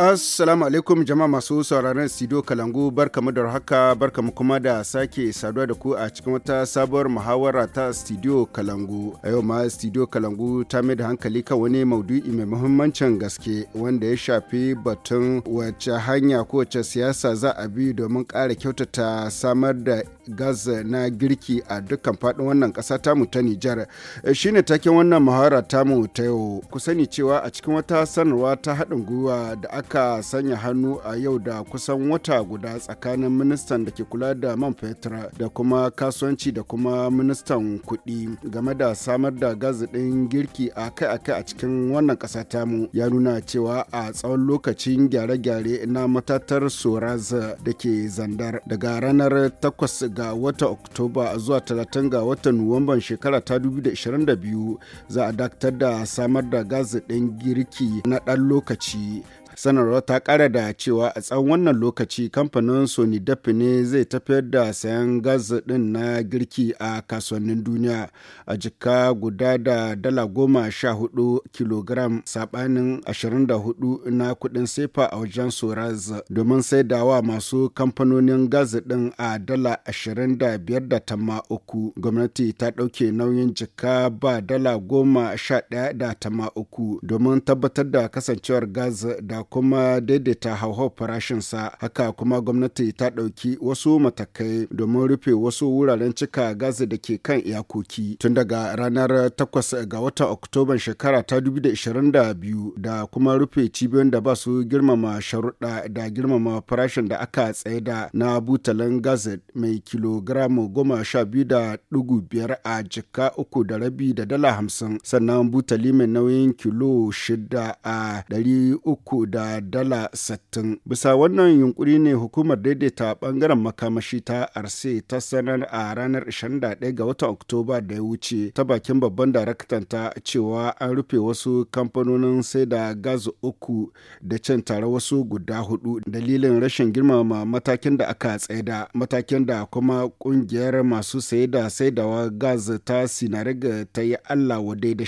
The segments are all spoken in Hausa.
Assalamu alaikum jama'a masu sauraron Sido Kalangu barkamu da haka barkamu kuma da sake saduwa da ku a cikin wata sabuwar muhawara ta Studio Kalangu. A yau ma Studio Kalangu ta mai da hankali kan wani maudu'i mai muhimmancin gaske wanda ya shafi batun wacce hanya ko wacce siyasa za a bi domin ƙara kyautata samar da gas na girki a dukkan faɗin wannan ƙasa tamu ta Nijar. Eh, shine taken wannan muhawara tamu ta yau. Ku sani cewa a cikin wata sanarwa ta haɗin gwiwa da aka aka sanya hannu a yau da kusan wata guda tsakanin ministan da ke kula da man fetur da kuma kasuwanci da kuma ministan kuɗi game da samar da gas ɗin girki a kai a kai a cikin wannan ƙasa tamu ya nuna cewa a tsawon lokacin gyare-gyare na matatar soraz da ke zandar daga ranar 8 ga wata oktoba zuwa 30 ga watan nuwamban shekara ta 2022 za a dakatar da samar da gas ɗin girki na ɗan lokaci sanarwar ta kara da cewa a tsawon wannan lokaci kamfanin sony dafi ne zai tafiyar da sayan gas din na girki a kasuwannin duniya a jika guda da dala goma sha hudu kilogram sabanin ashirin da hudu na kudin sefa a wajen soraz domin saidawa masu kamfanonin gas din a dala ashirin da biyar da tamma uku gwamnati ta ɗauke nauyin jika ba dala goma sha daya da tamma uku domin tabbatar da kasancewar gas da kuma daidaita hauhawar farashinsa haka kuma gwamnati ta ɗauki wasu matakai domin rufe wasu wuraren cika gazi da ke kan iyakoki tun daga ranar 8 ga watan oktoban shekara ta 2022 da kuma rufe cibiyoyin da ba su girmama sharuɗa da girmama farashin da aka tsaida na butalin gazi mai kilogram goma sha biyu da ɗugu biyar a jika uku da rabi da dala hamsin sannan butali mai nauyin kilo shida a ɗari uku da da dala 60. Bisa wannan yunkuri ne hukumar daidaita bangaren makamashi ta arse ta sanar a ranar 21 ga watan Oktoba da ya wuce ta bakin babban daraktan ta cewa an rufe wasu kamfanonin sai da gas uku da can tare wasu guda hudu dalilin rashin girmama matakin da aka tsaida matakin da kuma kungiyar masu saye da saidawa gas ta sinariga ta yi Allah wadai da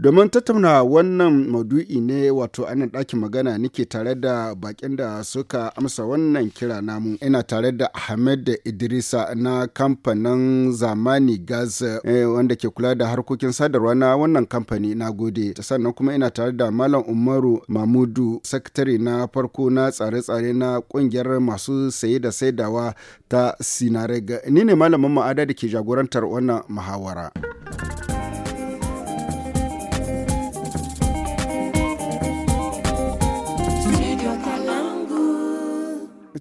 Domin tattauna wannan maudu'i ne wato anan ɗakin magana magana nike tare da bakin da suka amsa wannan kira namu. Ina tare da Ahmed da Idrisa na kamfanin zamani gas eh, wanda ke kula da harkokin sadarwa na wannan kamfani na gode. Sannan kuma ina tare da Malam Umaru Mamudu sakatare na farko na tsare-tsare na kungiyar masu saye da saidawa ta Sinarega. Ni ne malamin ma'ada da ke jagorantar wannan muhawara.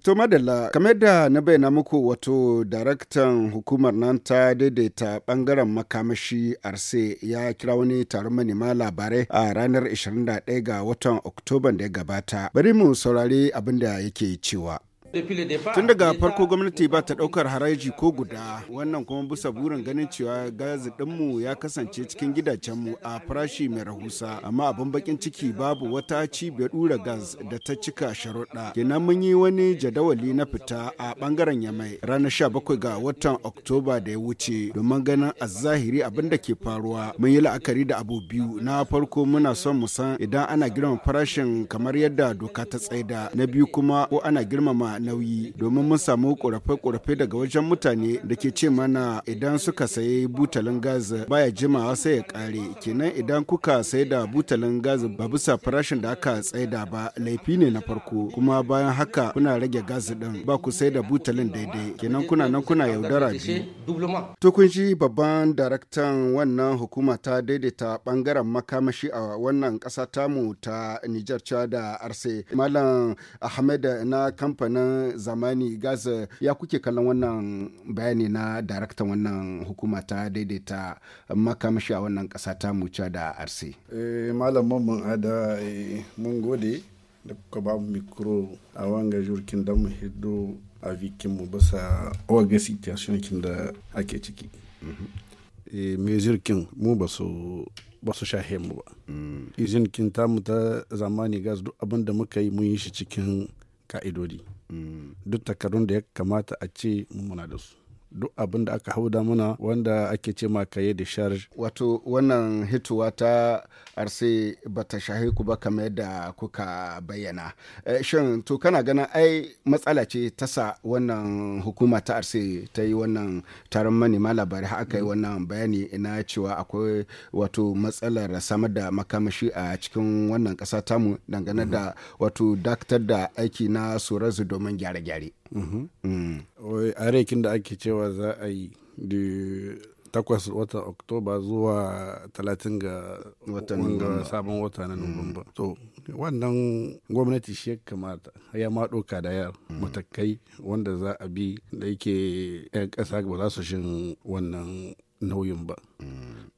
To madalla kamar da na bayyana muku wato daraktan hukumar nan ta daidaita bangaren makamashi arse ya kira wani taron manema labarai a ranar 21 ga watan Oktoban da ya gabata. Bari mu saurari abin da yake cewa. Tun daga farko gwamnati ba ta daukar haraji ko guda wannan kuma bisa burin ganin cewa gazi dinmu ya kasance cikin gidajenmu a farashi mai rahusa amma abin bakin ciki babu wata cibiyar dura gas da ta cika sharuɗa. Kenan mun yi wani jadawali na fita a bangaren Yamai ranar bakwai ga watan Oktoba da ya wuce domin ganin a zahiri abin da ke faruwa. Mun yi la'akari da abu biyu na farko muna son mu san idan ana girmama farashin kamar yadda doka ta tsaida na biyu kuma ko ana girmama nauyi domin mun samu ƙorafe-ƙorafe daga wajen mutane da ke ce mana idan suka sayi butalin gas baya jimawa sai ya ƙare kenan idan kuka sai da butalin gaz ba bisa farashin da aka tsaida ba laifi ne na farko kuma bayan haka kuna rage gaz din ba ku sai da butalin daidai kenan kuna nan kuna yaudara ji To kun ji babban daraktan wannan hukuma ta daidaita bangaren makamashi a wannan ƙasa tamu ta Nijar da Arse Malam Ahmed na kamfanin wannan zamani gas eh, ya kuke kallon wannan bayani na darakta wannan hukuma ta daidaita makamashi a wannan kasa ta muca da rc eh, malamman mun ada eh, mun gode da kuka ba mu mikro a wanga jurkin da mu hiddo a mu bisa oga situation kin da ake ciki. Mm-hmm. me jirkin mu ba su ba su sha mu ba. Mm. izinkin kin tamu ta zamani gas duk abin da muka yi mun yi shi cikin ka'idodi. duk takardun da ya kamata a ce muna da su duk abin da aka hauda muna wanda ake ce ma kaye da charge. Wato wannan hituwa ta arse ba ta shahi ku ba kamar yadda kuka bayyana. Eh, shin to kana ganin ai matsala ce ta sa wannan hukuma ta arse ta yi wannan taron manema labarai aka yi wannan bayani ina cewa akwai wato matsalar samar da makamashi a cikin wannan kasa tamu dangane da wato dakatar da aiki na sorazu domin gyare-gyare. Mm-hmm. Mm. a rekin da ake cewa za a yi da takwas watan oktoba zuwa talatin ga watan sabon wata na mm. nuwamba to wannan gwamnati shi kamata ya ma ka da yar mm. matakai wanda za a bi da yake 'yan ƙasa ba za su shin wannan nauyin ba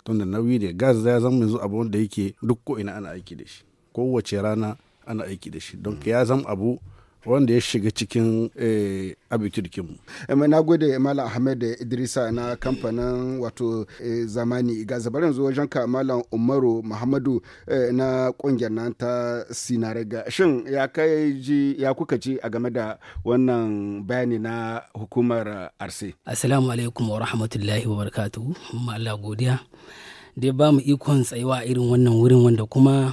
tunda nauyi da gas ya zama yanzu abu da yake duk ko ina ana aiki da shi kowace rana ana aiki da shi don ya zama abu wanda ya shiga cikin eh, mu eh, abiturikinmu. na gode malam ahmed idrisa na kamfanin wato eh, zamani ga zabarin zuwa wajen malam umaru muhammadu na kungiyar nan ta sinarega shin ya kai ji ya kuka ji a game da wannan bayani na hukumar arse assalamu alaikum wa rahmatullahi wa barakatuhu Allah godiya Dai ba mu ikon tsayuwa irin wannan wurin wanda kuma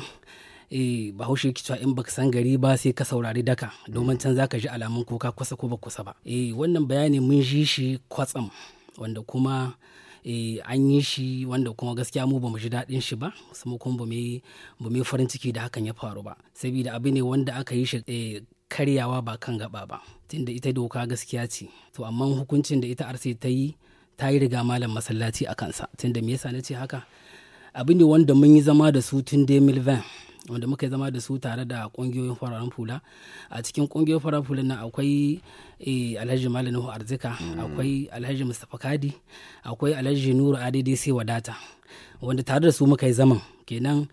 eh bahaushe ki cewa in baka san gari ba sai ka saurari daka domin can zaka ji alamun ko ka kusa ko ba kusa ba eh wannan bayani mun ji shi kwatsam wanda kuma eh an yi shi wanda kuma gaskiya mu ba mu ji daɗin shi ba kuma kuma ba mu farin ciki da hakan ya faru ba saboda abu ne wanda aka yi shi eh, karyawa ba kan gaba ba tunda ita doka gaskiya ce to amma hukuncin da ita arsi ta yi ta yi riga malam masallaci a kansa tunda me yasa na ce haka abu ne wanda mun yi zama da su tun 2020 wanda muka zama da su tare da kungiyoyin fararen fula a cikin kungiyoyin fararen fula na akwai eh, alhaji malam arzika mm. akwai alhaji mustapha kadi akwai alhaji nuru addc wadata wanda tare da su muka yi zaman kenan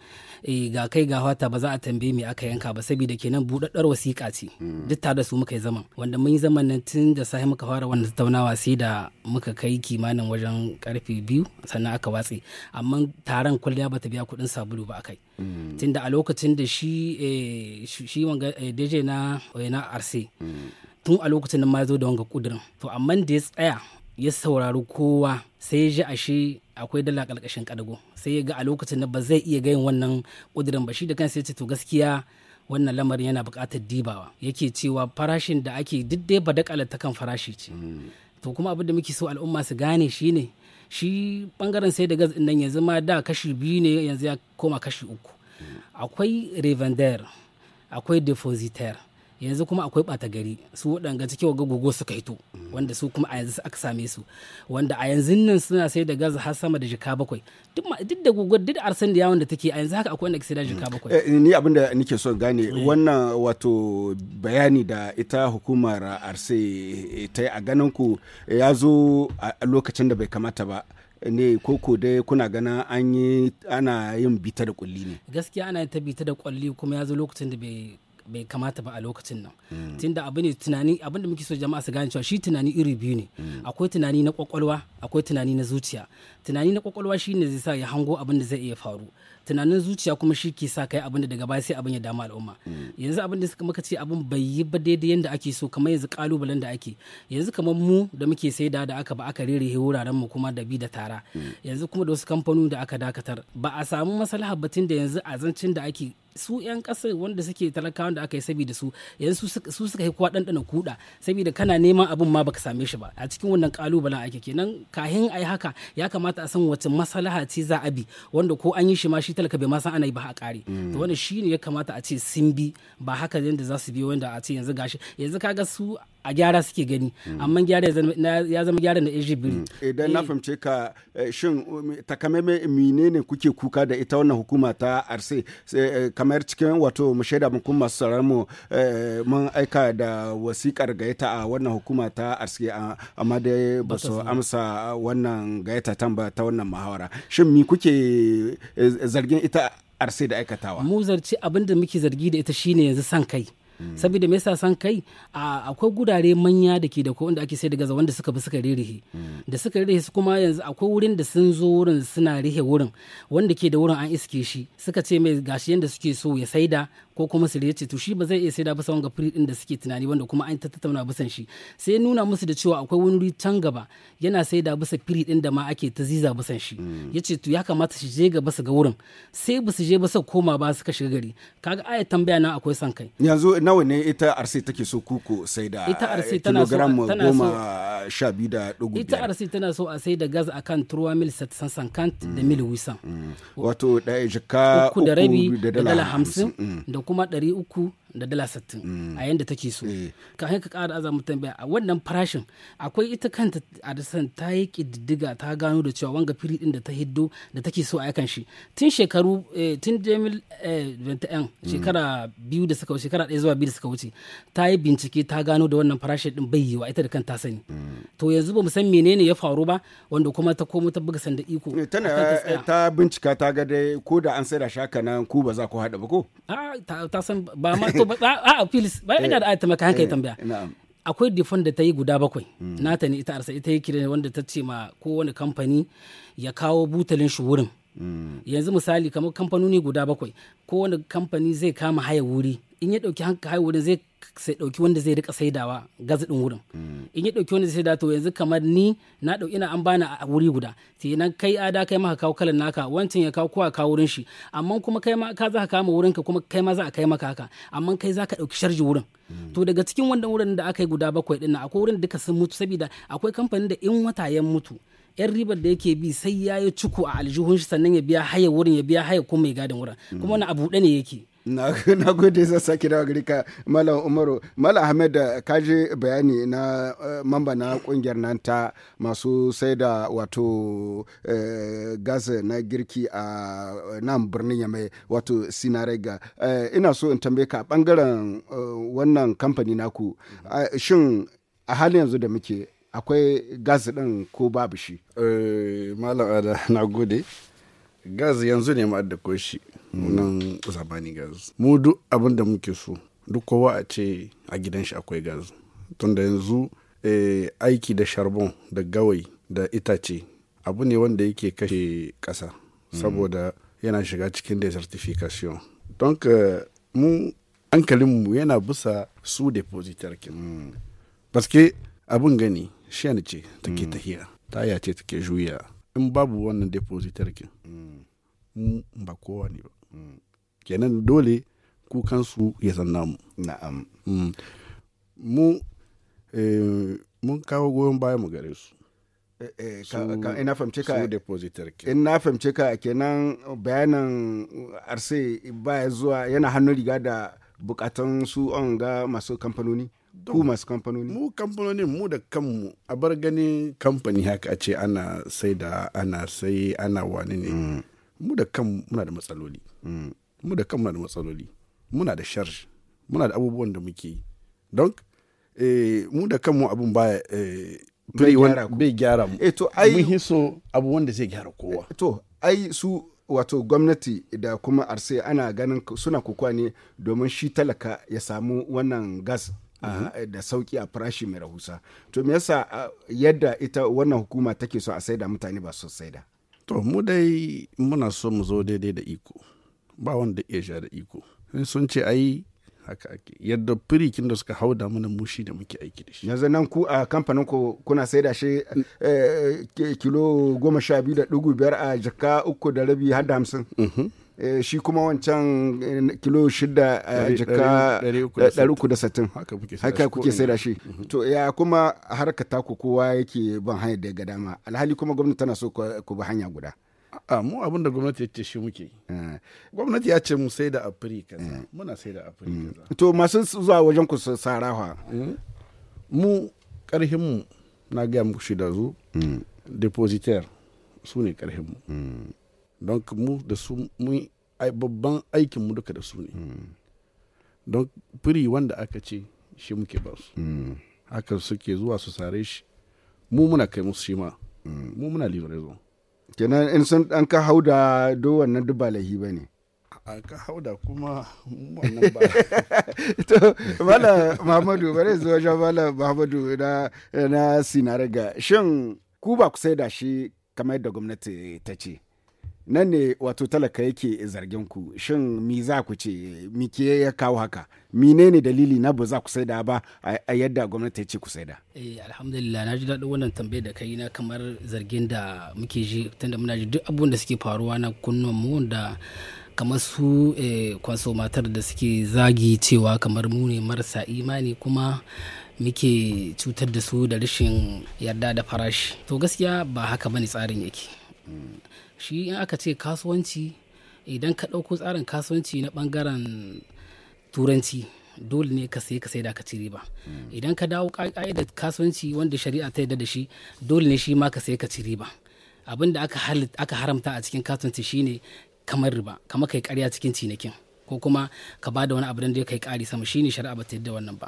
eh, ga kai ga fata ba za a tambaye me aka yanka ba saboda kenan budaddar wasiƙa ce hmm. duk tare da su muka yi zaman wanda mun yi zaman nan tun da sahi muka fara wannan tattaunawa sai da muka kai kimanin wajen karfe biyu sannan aka watse amma taron kwalliya ta biya kuɗin sabulu ba akai hmm. tun da a lokacin da shi eh, shi wanga eh, deje na na arse hmm. tun a lokacin da ma zo da wanga kudirin to amma da ya tsaya ya saurari kowa sai ya ji ashe akwai dala ƙarƙashin kadago sai ya ga a lokacin da ba zai iya gayin wannan kudirin ba shi da kansa ya ce to gaskiya wannan lamarin yana buƙatar dibawa yake cewa farashin da ake duk dai da ta kan farashi ce to kuma abin da muke so al'umma su gane shi ne shi bangaren sai da gas nan yanzu ma da kashi biyu ne yanzu ya koma kashi uku akwai revender akwai depositaire yanzu kuma akwai ɓata gari su waɗanga cikin wa gogo suka hito wanda su kuma a yanzu aka same su wanda a yanzu nan suna sai da gaza har sama da jika bakwai duk da gogo duk da arsan da yawon da take a yanzu haka akwai wanda ke sai da jika bakwai eh, eh, ni abin da nake son gane eh. wannan wato bayani da ita hukumar arse ta yi a ganin ku ya zo a lokacin da bai kamata ba ne koko dai kuna gana an yi ana yin bita da kulli ne gaskiya ana yin ta bita da kulli kuma ya zo lokacin da bai bai kamata ba a lokacin nan hmm. tunda abu ne tunani abin muke so jama'a su gane cewa shi tunani iri biyu ne hmm. akwai tunani na kwakwalwa akwai tunani na zuciya tunani na kwakwalwa shine zai sa ya hango abin da zai iya faru tunanin zuciya kuma shi ke sa kai abin da daga baya sai abin ya dama al'umma mm. yanzu abin da suka muka ce abin bai yi ba daidai yadda ake so kamar yanzu kalubalen da ake yanzu kamar mu da muke saida da aka ba aka rerehe wuraren mu kuma da bi da tara mm. yanzu kuma da wasu kamfanoni da aka dakatar ba a samu maslaha batun da yanzu a zancin da ake su 'yan kasa wanda suke talakawa da aka yi saboda su yanzu su suka yi kuwa ɗanɗana kuɗa saboda kana neman abin ma baka same shi ba a cikin wannan kalubalen ake kenan kahin a haka ya kamata a san wace maslaha ce za a bi wanda ko an yi shi ma shi shi talaka bai ma san ana yi ba a kare to wannan shine ya kamata a ce sun bi ba haka yadda za su bi wanda a ce yanzu gashi yanzu kaga su a gyara suke gani amma gyara ya zama gyara na ejibiri mm. idan na eh. fahimce ka eh, shin um, takamaimai ne kuke kuka da ita wannan hukuma ta arse eh, kamar cikin wato mu shaida mu kuma mu mun aika da wasikar gaita a wannan hukuma ta arse amma dai ba su amsa wannan gaita tamba ta wannan muhawara shin mi kuke zargin ita arse da aikatawa mu zarci abinda muke zargi da ita shine yanzu san kai Mm. saboda me yasa san kai akwai gudare manya da ke da ko inda ake sai da gaza wanda suka bi suka ririhe mm. da suka ririhe su kuma yanzu akwai wurin da sun zo wurin suna rihe wurin wanda ke da wurin an iske shi suka ce mai gashi yanda suke so ya saida ko kuma su ce to shi ba zai iya saida ba wanga firi din da suke tunani wanda kuma an tattauna bisan shi sai nuna musu da cewa akwai wani can gaba yana saida bisa firi din da ma ake ta ziza bisan shi mm. yace to ya kamata su je gaba su ga wurin sai ba su je ba su koma ba suka shiga gari kaga aya tambaya nan akwai san kai yanzu na nawa ne ita arsi take so kuku sai da ita arsi tana so goma sha biyu da dugu ita arsi tana so a sai da gas a kan turuwa mil 750 da mm. mil wisan mm. wato ɗaya jika uku da rabi da dala hamsin mm. da kuma ɗari uku da dala sittin mm. a yadda take so eh. ka haka kara azamu tambaya a wannan farashin akwai ita kanta a adisan ta yi kididdiga ta gano da cewa wanga firi din da ta hiddo da take so a yakan shi tun shekaru eh, tun 2021 eh, mm. shekara biyu da suka wuce shekara ɗaya zuwa biyu da suka wuce ta yi bincike ta gano da wannan farashin din bai yiwa ita da kanta sani mm. to yanzu ba mu san menene ya faru ba wanda kuma ta komo ta buga sanda iko tana ta bincika ta ga dai ko da an sai da shaka nan ku ba za ku haɗa ba ko ah, ta san ba ma a'a filis da eh, ayata maka hankali eh, tambaya akwai difon da ta yi guda bakwai hmm. nata ne ita arsa ita yi ne wanda ta ce ma kowane kamfani ya kawo butalin shi wurin yanzu misali kamar kamfanoni guda bakwai kowane kamfani zai kama haya wuri in ya ɗauki hanka haya wurin zai sai ɗauki wanda zai rika saidawa ɗin wurin in ya ɗauki wanda zai saida to yanzu kamar ni na dauki ina an bana a wuri guda kenan kai ada kai maka kawo kalan naka wancan ya kawo kowa kawo wurin shi amma kuma kai ma ka za ka kama ka kuma kai ma za a kai maka haka amma kai za ka ɗauki sharji wurin to daga cikin wannan wurin da aka yi guda bakwai ɗin akwai wurin duka sun mutu saboda akwai kamfanin da in wata ya mutu yan ribar da yake bi sai ya yi cuku a aljihun shi sannan ya biya haya wurin ya biya haya ko mai gadin wurin kuma wani abu ne yake na gode zan sake dawa gari ka malam umaru malam ahmed da kaji bayani na eh, mamba na kungiyar nan ta masu sai da wato eh, gas na girki a nan birnin yamai wato sinarega eh, ina so in tambaye ka bangaren wannan kamfani naku shin a halin yanzu da muke akwai gas ɗin ko babu shi? Eh, Malam Ada na gode. Gas yanzu ne ma da shi hmm. nan zamani gas. Mu duk abin da muke so duk kowa a ce a gidan shi akwai gas. Tunda yanzu eh, aiki da sharbon da gawai da itace abu ne wanda yake kashe kasa. Hmm. saboda yana shiga cikin desertification. Don ka mu hankalinmu yana bisa su depositar Baske hmm. abin gani shen ce ta ke mm. tahiya ya ce ta ke juya in babu wannan depositar kin mm. mu ba kowa ne ba mm. kenan dole kansu ya san namu na'am mu eh, mun kawo goyon baya mu gare su eh, eh, ina fahimce ka in na fahimce ka kenan bayanan arse baya zuwa yana hannun riga da bukatun su on ga masu kamfanoni ku masu kamfanoni mu kamfanonin mu da kanmu a bar ganin kamfani haka a ce ana sai da ana sai ana wani ne mm. mu da kan muna da matsaloli mm. mu da kan muna da matsaloli muna da sharj muna da abubuwan da muke yi don eh, mu da kanmu abun ba eh, bai gyara mu eh, to ai mun so abu wanda zai gyara kowa to ai su wato gwamnati da kuma arse ana ganin suna kukuwa ne domin shi talaka ya samu wannan gas da sauki a farashi mai rahusa to me yasa yadda ita wannan hukuma take so a saida mutane ba su saida to mu dai muna so mu zo daidai da iko ba wanda iya sha da iko sun ce ai haka ake yadda firikin da suka hauda mana mushi da muke aiki da shi yanzu nan ku a kamfanin ku kuna saida shi eh, eh, kilo goma sha biyu da dugu biyar a jaka uku da rabi har da hamsin mhm. Eh, shi kuma wancan eh, kilo shida a jika 360 haka kuke sai da shi mhm. to ya kuma harka taku kowa yake ban hanyar da ga dama alhali kuma gwamnati tana so ku bi hanya guda a mu abin da gwamnati ya ce shi muke eh. gwamnati ya ce mu sai da afirka muna sai da afirka mm. to masu zuwa wajen ku sarawa mu karhin mu na gaya muku shi da zu mm. depositaire su ne karhin mu mm. don mu da su mun babban aikinmu duka da su ne don firi wanda aka ce shi muke ba su haka suke zuwa su sare shi mu muna kai musu shi ma mu muna zo kenan in sun an ka hauda do wannan nan ba lahi ba ne an ka hauda kuma wannan ba to mala muhammadu bare zuwa ja mala muhammadu na na sinaraga shin ku ba ku sai da shi kamar yadda gwamnati ta ce nan ne wato talaka yake zargin ku shin mi za ku ce mi ya kawo haka ne dalili na ba za ku saida ba a yadda gwamnati ya ce ku saida eh alhamdulillah na ji daɗin wannan tambayar da kai na kamar zargin da muke ji tunda muna ji duk abubuwan da suke faruwa na kunnuwan mu da kamar su eh, kwaso matar da suke zagi cewa kamar mu ne marasa imani kuma muke cutar da su da rashin yarda da farashi to gaskiya ba haka bane tsarin yake mm. shi in aka ce kasuwanci idan ka ɗauko tsarin kasuwanci na ɓangaren turanci dole ne ka sai ka sai da ka ci riba idan ka dawo ka'idar kasuwanci wanda shari'a ta yarda da shi dole ne shi ma ka sai ka ci riba abin da aka haramta a cikin kasuwanci shine kamar riba kamar kai karya cikin cinikin ko kuma ka ba da wani abu da ya kai ƙari sama shine shari'a ba ta yadda wannan ba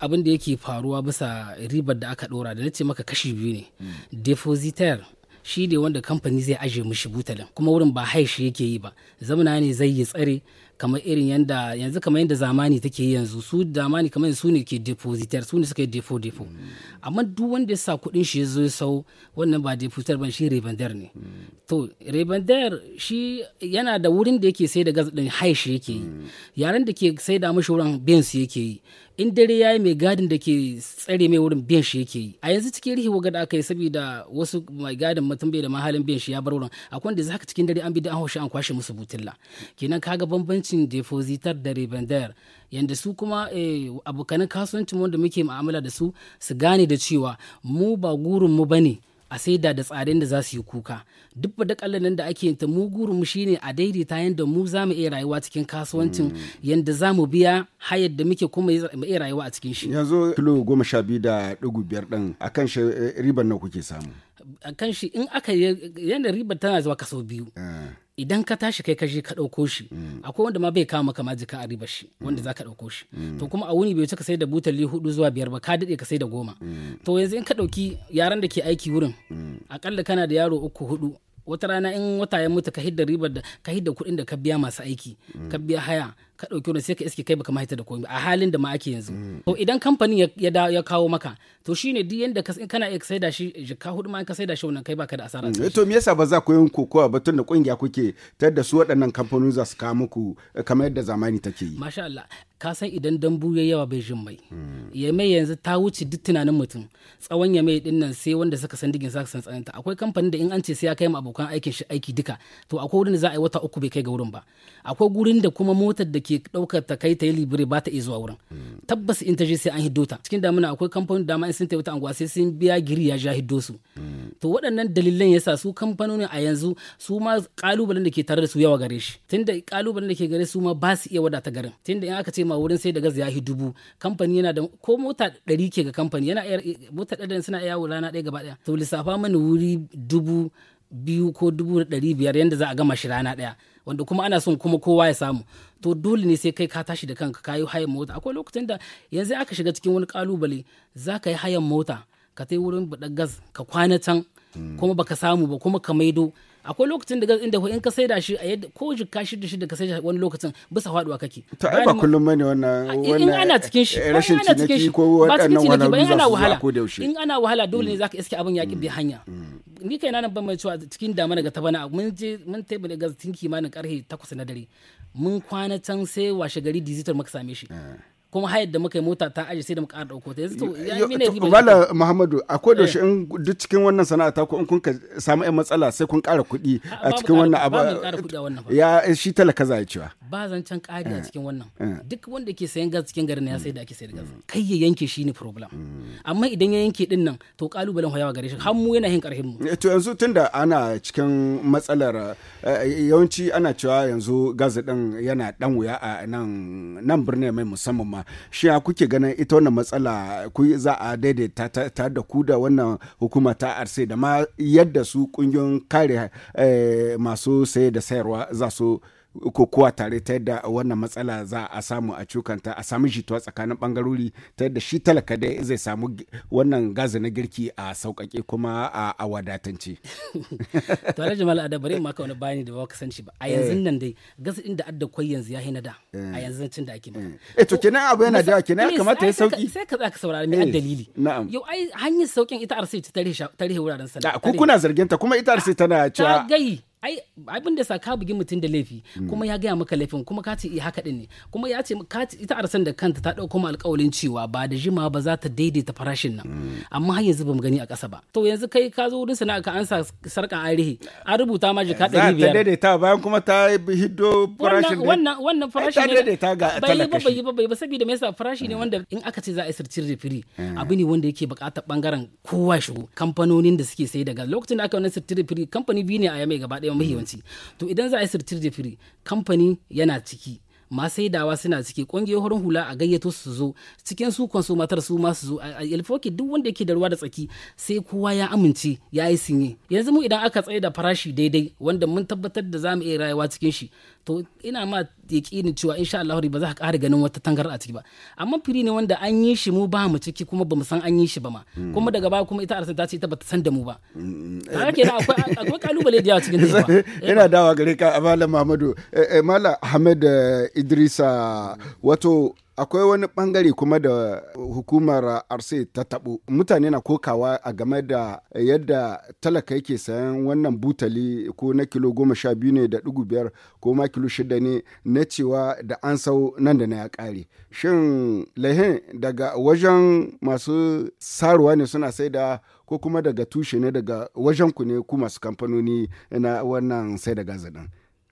abin da yake faruwa bisa ribar da aka dora da na ce maka kashi biyu ne hmm. depositaire shi ne wanda kamfani zai aje mishi butalin kuma wurin ba haishi yake yi ba zamana ne zai yi tsare kamar irin yanda yanzu kamar yanda zamani take yanzu su zamani kamar su ne ke depositor su ne suka yi depo depo hmm. amma duk wanda ya sa kuɗin shi ya zo sau wannan ba depositor ban shi rebender ne hmm. to rebender shi yana da wurin da yake sai da gas din shi yake yi hmm. yaran da ke sai da mashi wurin bin yake yi in dare yayi mai gadin da ke tsare mai wurin bin shi yake yi a yanzu cikin rihi wagada aka yi saboda wasu mai gadin mutum bai da mahalin bin shi ya bar wurin akwai wanda zaka cikin dare an bi da an hoshi an kwashe musu butilla kenan kaga bambanci kasuwancin depositar da revender yadda su kuma eh, abokanin kasuwancin wanda muke ma'amala da su su gane da cewa mu ba gurin mu bane a saida da tsarin da za su yi kuka duk da kallanin da ake ta mu gurin mu shine a daidaita yadda mu za mu iya rayuwa cikin kasuwancin mm. yadda za mu biya hayar da muke kuma mu iya rayuwa a cikin shi yanzu kilo goma sha biyu da ɗigo biyar ɗin akan shi eh, ribar nan kuke samu a kan shi in aka yadda ribar tana zuwa kaso biyu eh. idan ka tashi kai kaje ka ɗauko shi mm. akwai wanda ma bai kama maka ma jika a riba shi mm. wanda za ka ɗauko shi mm. to kuma a wuni bai wuce ka sai da butali hudu zuwa biyar ba ka daɗe ka sai da goma to yanzu in ka ɗauki yaran da ke aiki wurin akalla kana da yaro uku hudu wata rana in wata ya mutu ka hidda ribar da ka hidda kuɗin da ka biya masu aiki ka biya haya ka ɗauki wani sai ka iske kai baka mahita da komai a halin da ma ake yanzu to idan kamfanin ya kawo maka to shine duk yanda kana iya saida shi jikka hudu ma ka saida shi wannan kai baka da asara mm, eh, to me yasa ba za ku yin kokowa ba tun da kungiya kuke tar da su waɗannan kamfanoni za su kawo muku eh, kamar yadda zamani take yi masha Allah ka san idan dambu ya yawa bai jin mai Ya mai yanzu ta wuce duk tunanin mutum tsawon ya mai din nan sai wanda suka san digin sa san tsananta akwai kamfanin da in an ce sai ya kai ma abokan aikin shi aiki duka to akwai wurin da za a yi wata uku bai kai ga wurin ba akwai gurin da kuma motar da ke daukar ta kai ta yi libre ba ta iya zuwa wurin tabbas in ta je sai an hiddo ta cikin damuna akwai kamfanin da ma in sun tafi ta anguwa sai sun biya giri ya ja hiddo su to waɗannan dalilan yasa su kamfanonin a yanzu su ma kalubalen da ke tare da su yawa gare shi tunda kalubalen da ke gare su ma ba su iya wadata garin tunda in aka ce ma wurin sai da gas ya dubu kamfani yana da ko mota ɗari ke ga kamfani yana mota ɗari suna yawo rana ɗaya gaba ɗaya to lissafa mana wuri dubu biyu ko dubu da ɗari biyar yadda za a gama shi rana ɗaya wanda kuma ana son kuma kowa ya samu to dole ne sai kai ka tashi da kanka ka yi hayan mota akwai lokacin da yanzu aka shiga cikin wani kalubale za ka yi hayan mota ka tai wurin buɗar gas ka kwana can hmm. kuma baka samu ba kuma ka maido akwai lokacin da inda in ka saida shi a yadda ko jikka shi da shi da ka saida wani lokacin bisa faduwa kake to ai ba kullum bane wannan wannan in ana eh, cikin shi rashin ciniki ko wannan wannan ba in ana wahala in ana wahala dole ne mm. zaka iske abin yaki bi mm. hanya mm. ni kai nan ban mai cewa cikin mana ga ta bana mun je mun taimu da ga tinki kimanin karhe 8 na dare mun kwana can sai washe gari digital muka same shi eh. kuma hayar da muka yi mota ta aji sai da muka ɗauko ta yanzu ya mine riba wala muhammadu akwai da eh. in duk cikin wannan sana'a ta ko in kun ka samu yan matsala sai kun ƙara kuɗi a cikin wannan abu ya shi talaka za ya cewa ba zan can ƙari a eh. cikin wannan eh. duk wanda ke sayan gas cikin garin ya sai da ake sayar gas mm. kai ya yanke shi ne problem mm. amma idan ya yanke din nan to kalubalen hoyawa gare shi har mu yana yin ƙarfin mu to yanzu tunda ana cikin matsalar yawanci ana cewa yanzu gas din yana dan wuya a nan nan birnin mai musamman ma shiya kuke ganin ita wannan matsala ku za a daidaita ta da ku da wannan hukuma ta arse da ma yadda su kungiyoyin kare eh, masu saye da sayarwa za su ko kuwa tare ta yadda wannan matsala za a samu a cukanta a samu jituwa tsakanin bangarori ta yadda shi talaka dai zai samu wannan gazi na girki a sauƙaƙe kuma a wadatance. to alhaji mal adab bari maka wani bayani da ba ka san shi ba a eh. yanzu nan dai gas din da adda kwai yanzu ya hina da eh. a yanzu cin da ake ba. Eh. eh to kenan abu yana da kenan ya kamata ya sauki sai ka tsaka saurari mai dalili na'am yau ai hanyar saukin ita arsi ta tarihi wuraren sana'a ku kuna zargin ta kuma ita arsi tana cewa ta gai ai abin da sa ka bugi mutum da laifi mm. kuma ya gaya maka laifin kuma ka ce eh, haka din ne kuma ya ce ka ita arsan da kanta ta dauko kuma alƙawarin cewa ba da jima ba za ta daidaita farashin nan mm. amma har yanzu mu gani a ƙasa ba to yanzu kai ka zo wurin sana'a ka ansa sarkan arihi an rubuta ma jika biyar. za ta daidaita bayan kuma ta hiddo farashin wannan wannan farashin ne daidaita ga bai ba bai ba bai ba saboda me yasa farashi ne mm. wanda in aka ce za a yi sirtin refiri abu ne wanda yake buƙatar bangaren kowa shigo kamfanonin da suke sai daga lokacin da aka wannan sirtin refiri kamfani biyu ne a yamai gaba ɗaya mahiwanci to idan za a yi sirtir jefiri firi kamfani yana ciki sai dawa suna ciki ƙungiyoyin horon hula a gayyato su zo cikin su matar su ma su zo a ilfoki duk wanda yake da ruwa da tsaki sai kowa ya amince ya yi sinye yanzu mu idan aka tsaye da farashi daidai wanda mun tabbatar da za mu iya rayuwa cikin shi to ina ma yaƙinin cewa insha Allah ba za ka ƙara ganin wata tangar a ciki ba amma firi ne wanda an yi shi mu ba mu ciki kuma ba mu san an yi shi ba ma hmm. kuma daga baya kuma ita arsan ta ce ita ba ta san da mu ba hmm, hmm, haka ke akwai kalubale da yawa cikin ina dawa gare ka malam Muhammadu eh, eh, malam Ahmed eh, Idrisa wato akwai wani bangare kuma da hukumar arse ta tabo mutane na kokawa a game da yadda talaka yake sayan wannan butali ko na kilo goma sha biyu ne da dugu biyar ko ma kilo shida ne na cewa da an sau nan da na ya kare shin lahin daga wajen masu saruwa ne suna sai da ko kuma daga tushe ne daga wajen ku ne ku masu kamfanoni na wannan sai da gaza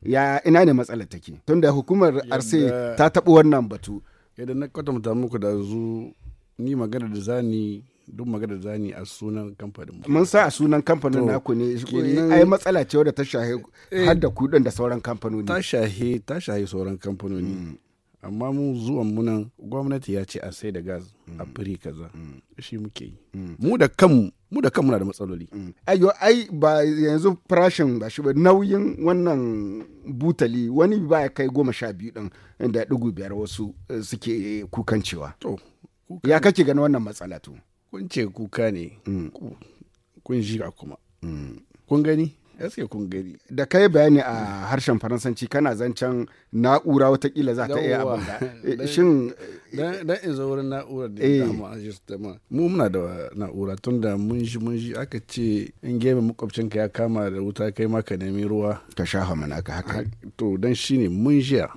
ya ina ne matsalar take tunda hukumar arse ta taɓa wannan batu yadda na kwatanta muku da zu ni magana da zani duk magana da zani a sunan kamfanin mun sa a sunan kamfanin naku ne ai matsala ce wadda ta shahe eh, har da kudin da sauran kamfanoni ta shahe ta shahe sauran kamfanoni mm. amma mu zuwan munan gwamnati ya ce a sai da gas a mm. firi kaza mm. shi muke yi mu da kanmu mu da kanmu na da matsaloli. Mm. Ayo ai ba yanzu farashin ba shi ba nauyin wannan butali wani ba ya kai goma sha biyu ɗin da ɗigo biyar wasu eh, suke kukan cewa. Ya kake gani wannan matsala to. Kun ce kuka ne. Mm. Kun shiga kuma. Mm. Kun gani? Yaske kun gani. Da kai bayani a harshen Faransanci kana zancen na'ura watakila za ta iya abin da. Eh, shin. Dan in zo wurin na'ura da ya eh. damu a sistema. Mu muna da na'ura tun da mun shi mun shi aka ce in gefe makwabcinka ya kama da wuta kai ma ka nemi ruwa. Ka sha mana ka haka. To dan shine mun jiya.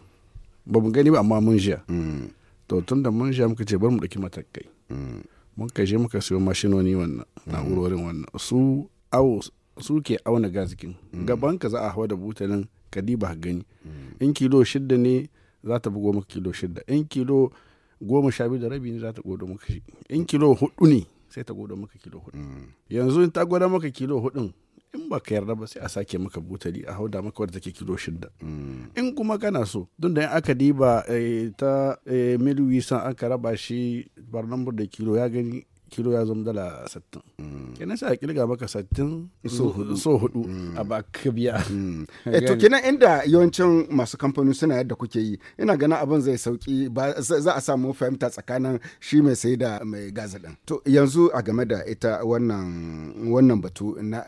Ba mu gani ba amma mun jiya. Mm. To tun da mun jiya muka ce bar mu ɗauki matakai. Mm. Mun ka je muka siyo mashinoni wannan mm. na'urorin wannan su awo suke auna gazikin mm. gaban ka za a hawa da butalin ka diba gani mm. in kilo shidda ne za ta bugo maka kilo shidda in kilo goma sha biyu da rabi ne za ta godo maka shi in kilo hudu ne sai ta godo maka kilo hudu mm. yanzu in ta gwada maka kilo hudu in ba ka yarda ba sai a sake maka butali a hauda maka wadda take kilo shida in kuma kana so don da aka diba eh, ta eh, milwisan aka raba shi barnambur da kilo ya gani kilo ya zama dala sattin mm. kenan sai a kirga maka sattin mm. so hudu mm. a baka biya eh, to kenan inda yawancin masu kamfani suna yadda kuke yi ina ganin abin zai sauki za a samu fahimta tsakanin shi mai sai da mai gaza din to yanzu a game da ita wannan wannan batu na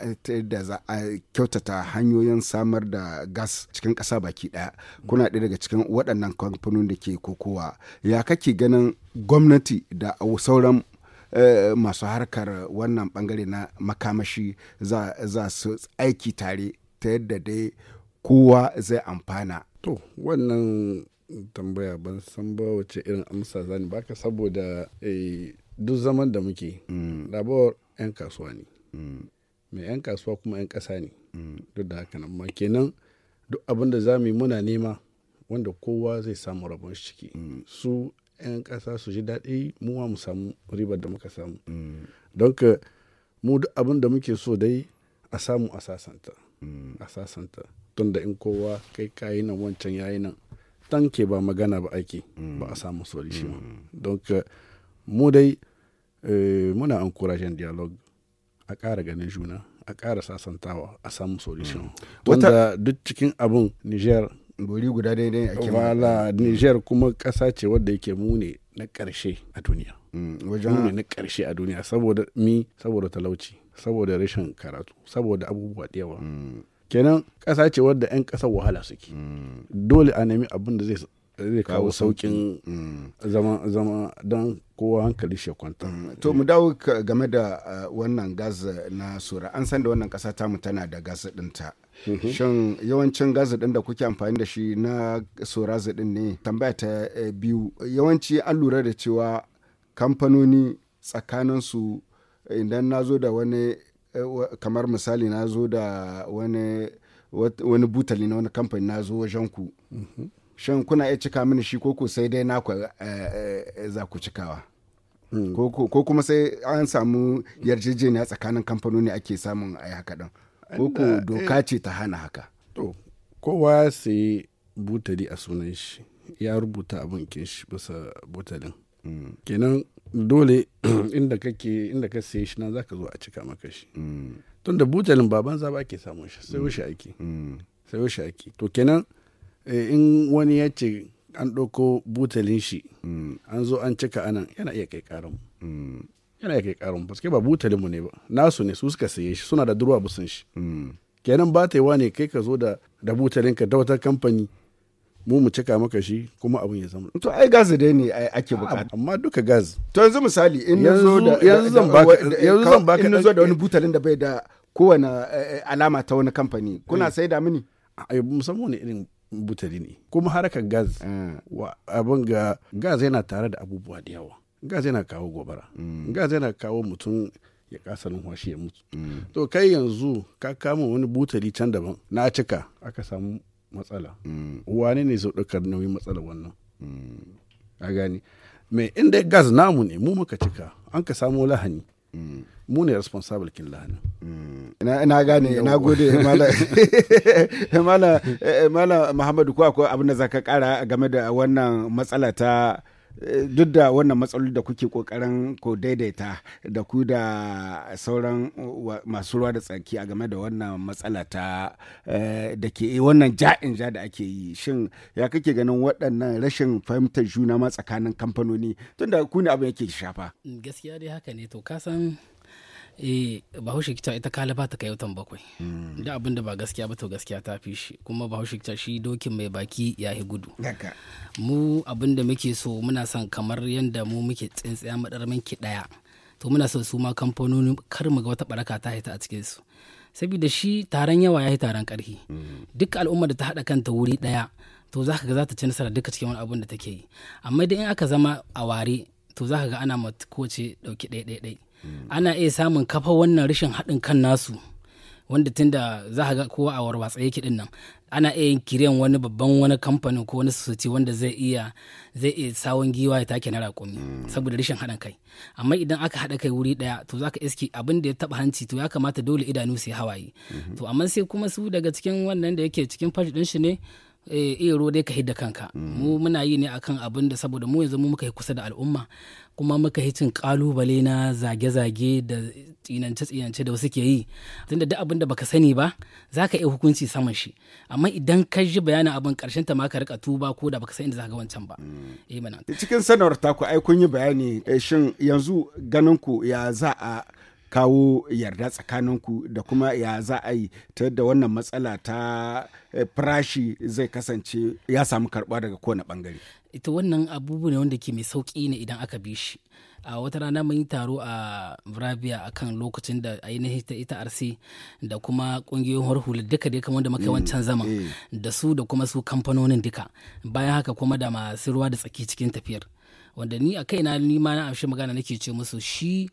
da za a kyautata hanyoyin samar da gas cikin kasa baki daya kuna ɗaya daga cikin waɗannan kamfanonin da ke kokowa ya kake ganin gwamnati da sauran Eh, masu harkar wannan bangare na makamashi za su aiki tare ta yadda dai kowa zai amfana. To, wannan tambaya ban san ba wace irin amsa zani baka saboda eh, duk zaman da muke labar mm. 'yan kasuwa ne. Mai mm. 'yan kasuwa kuma 'yan ƙasa ne. Mm. Duk da haka nan kenan duk abinda da za mu yi muna nema wanda kowa zai samu rabon ciki. Su 'yan ƙasa su ji daɗi mu ma mu samu ribar da muka samu mm. don ka mu duk abin da muke so dai a samu a sasanta mm. a sasanta tun da in kowa kai kayi nan wancan yayi nan ke ba magana ba aiki mm. ba a samu solution don ka mu dai eh, muna encouraging dialogue a ƙara ganin juna a ƙara sasantawa a samu solution wanda duk cikin abin niger bori guda daidai a kima wala niger kuma kasa ce wadda yake mune na karshe a duniya mm, wajen ne na karshe a duniya saboda mi saboda talauci saboda rashin karatu saboda abubuwa da yawa mm. kenan kasa ce wadda 'yan kasa wahala suke mm. dole a nemi abin da zai zai kawo saukin zama zama don kowa hankali shi kwanta. To mu dawo game da uh, wannan gas na sura an san da wannan kasa tamu tana da gas dinta. Mm-hmm. shin yawancin gazi din da kuke amfani da shi na sorazi din ne tambaya ta eh, biyu yawanci an lura da cewa kamfanoni tsakaninsu idan na zo da wani eh, kamar misali na zo da wani wani butali na wani kamfani na zo wajen ku mm-hmm. shin kuna iya cika mini shi koko sai dai naku eh, za ku cikawa mm. ko kuma sai an samu yarjejeniya tsakanin kamfanoni ake samun a haka din koko doka eh. ce ta hana haka to kowa sai butali a sunan shi ya rubuta abin shi bisa butalin mm. kenan dole inda kake inda ka sai shi na zaka zo a cika maka shi mm. tun da butalin baban za ba ake samun shi sai mm. wuce ake sai wuce ake to kenan eh, in wani ya ce an ɗauko butalin shi an zo an cika anan yana iya kai karin kana yake karin paske ba butalin mu ne ba nasu ne su suka saye shi suna da duruwa sun shi hmm. kenan ba ta yi ne kai ka zo da da ka da wata kamfani mu mu cika maka shi kuma abin ya zama to ai gas dai ne ake bukata amma duka gas to yanzu misali in nazo da yanzu zan baka yanzu zan baka in nazo da wani butalin da bai da kowane eh, eh, alama ta wani kamfani kuna eh. sai da mini ai musamman ne irin butali ne kuma harkar gas wa abin ga gas yana tare da abubuwa da yawa gas yana kawo gobara gas mm. yana kawo mutum ya kasa numfashi ya mutu mm. to kai yanzu ka kama wani butali can daban na cika aka samu matsala mm. wani ne zai ɗaukar nauyin matsala wannan a gani mai inda gas namu ne mu muka cika an ka samu lahani mu ne responsible kin lahani ina gane ina gode mala eh, eh, muhammadu ko akwai abin da zaka kara game da wannan matsala ta duk da wannan matsaloli da kuke kokarin ko daidaita da ku da sauran masu ruwa da tsaki a game da wannan matsala ta eh, da ke eh, wannan ja'in ja da ake yi shin ya kake ganin waɗannan rashin fahimtar juna ma tsakanin kamfanoni tunda ku ne abin yake shafa gaskiya dai haka ne to kasan eh bahaushe kita ita kalaba ta kai watan bakwai hmm. da abin da ba gaskiya ba to gaskiya ta fi shi kuma bahaushe kita shi dokin mai baki ya yi gudu mu abin da muke so muna son kamar yadda mu muke tsintsiya madarmin ki daya to muna son su ma kamfanoni kar mu ga wata baraka ta haita a cikin su saboda shi taron yawa ya yi taron karhi hmm. duk al'ummar da ta haɗa kanta wuri ɗaya to za ka ga za ta ci nasara duka cikin wani abun da take yi amma idan in aka zama a ware to za ka ga ana kowace ɗauki ɗaya ɗaya ɗaya ana iya samun kafa wannan rashin haɗin kan nasu wanda tunda za ga kowa a warwatsa yake din nan ana iya yin kiran wani babban wani kamfanin ko wani sosai wanda zai iya zai iya sawon giwa ya take na raƙumi saboda rashin haɗin kai amma idan aka haɗa kai wuri ɗaya to zaka iski abin da ya taɓa hanci to ya kamata dole idanu su yi hawaye to amma sai kuma su daga cikin wannan da yake cikin fashi ɗin shi ne ero eh, dai ka hidda kanka mu muna yi ne akan abin da saboda mu yanzu mu muka yi kusa da al'umma kuma muka yi cin kalubale na zage-zage da tsinance-tsinance da wasu ke yi tunda duk abin da baka sani ba za ka iya hukunci saman shi amma idan ka ji bayanin abin karshen ta ma ka rika tuba ko da baka san inda za ka wancan ba mm. eh, cikin sanarwar taku ai kun yi bayani eh, shin yanzu ganin ku ya za a kawo yarda tsakanin ku da kuma ya za a yi ta yadda wannan matsala ta eh, farashi zai kasance ya samu karba daga kowane bangare ita wannan abubu ne wanda ke mai sauki ne idan aka bi shi a wata rana mun yi taro a Bravia kan lokacin da ainihin ta ita RC da kuma kungiyoyin harhula duka ya kamar da muka mm, wancan zaman eh. da su da kuma su kamfanonin duka bayan haka kuma da masu ruwa da tsaki cikin tafiyar wanda ni a kaina ni ma na amshi magana nake ce musu shi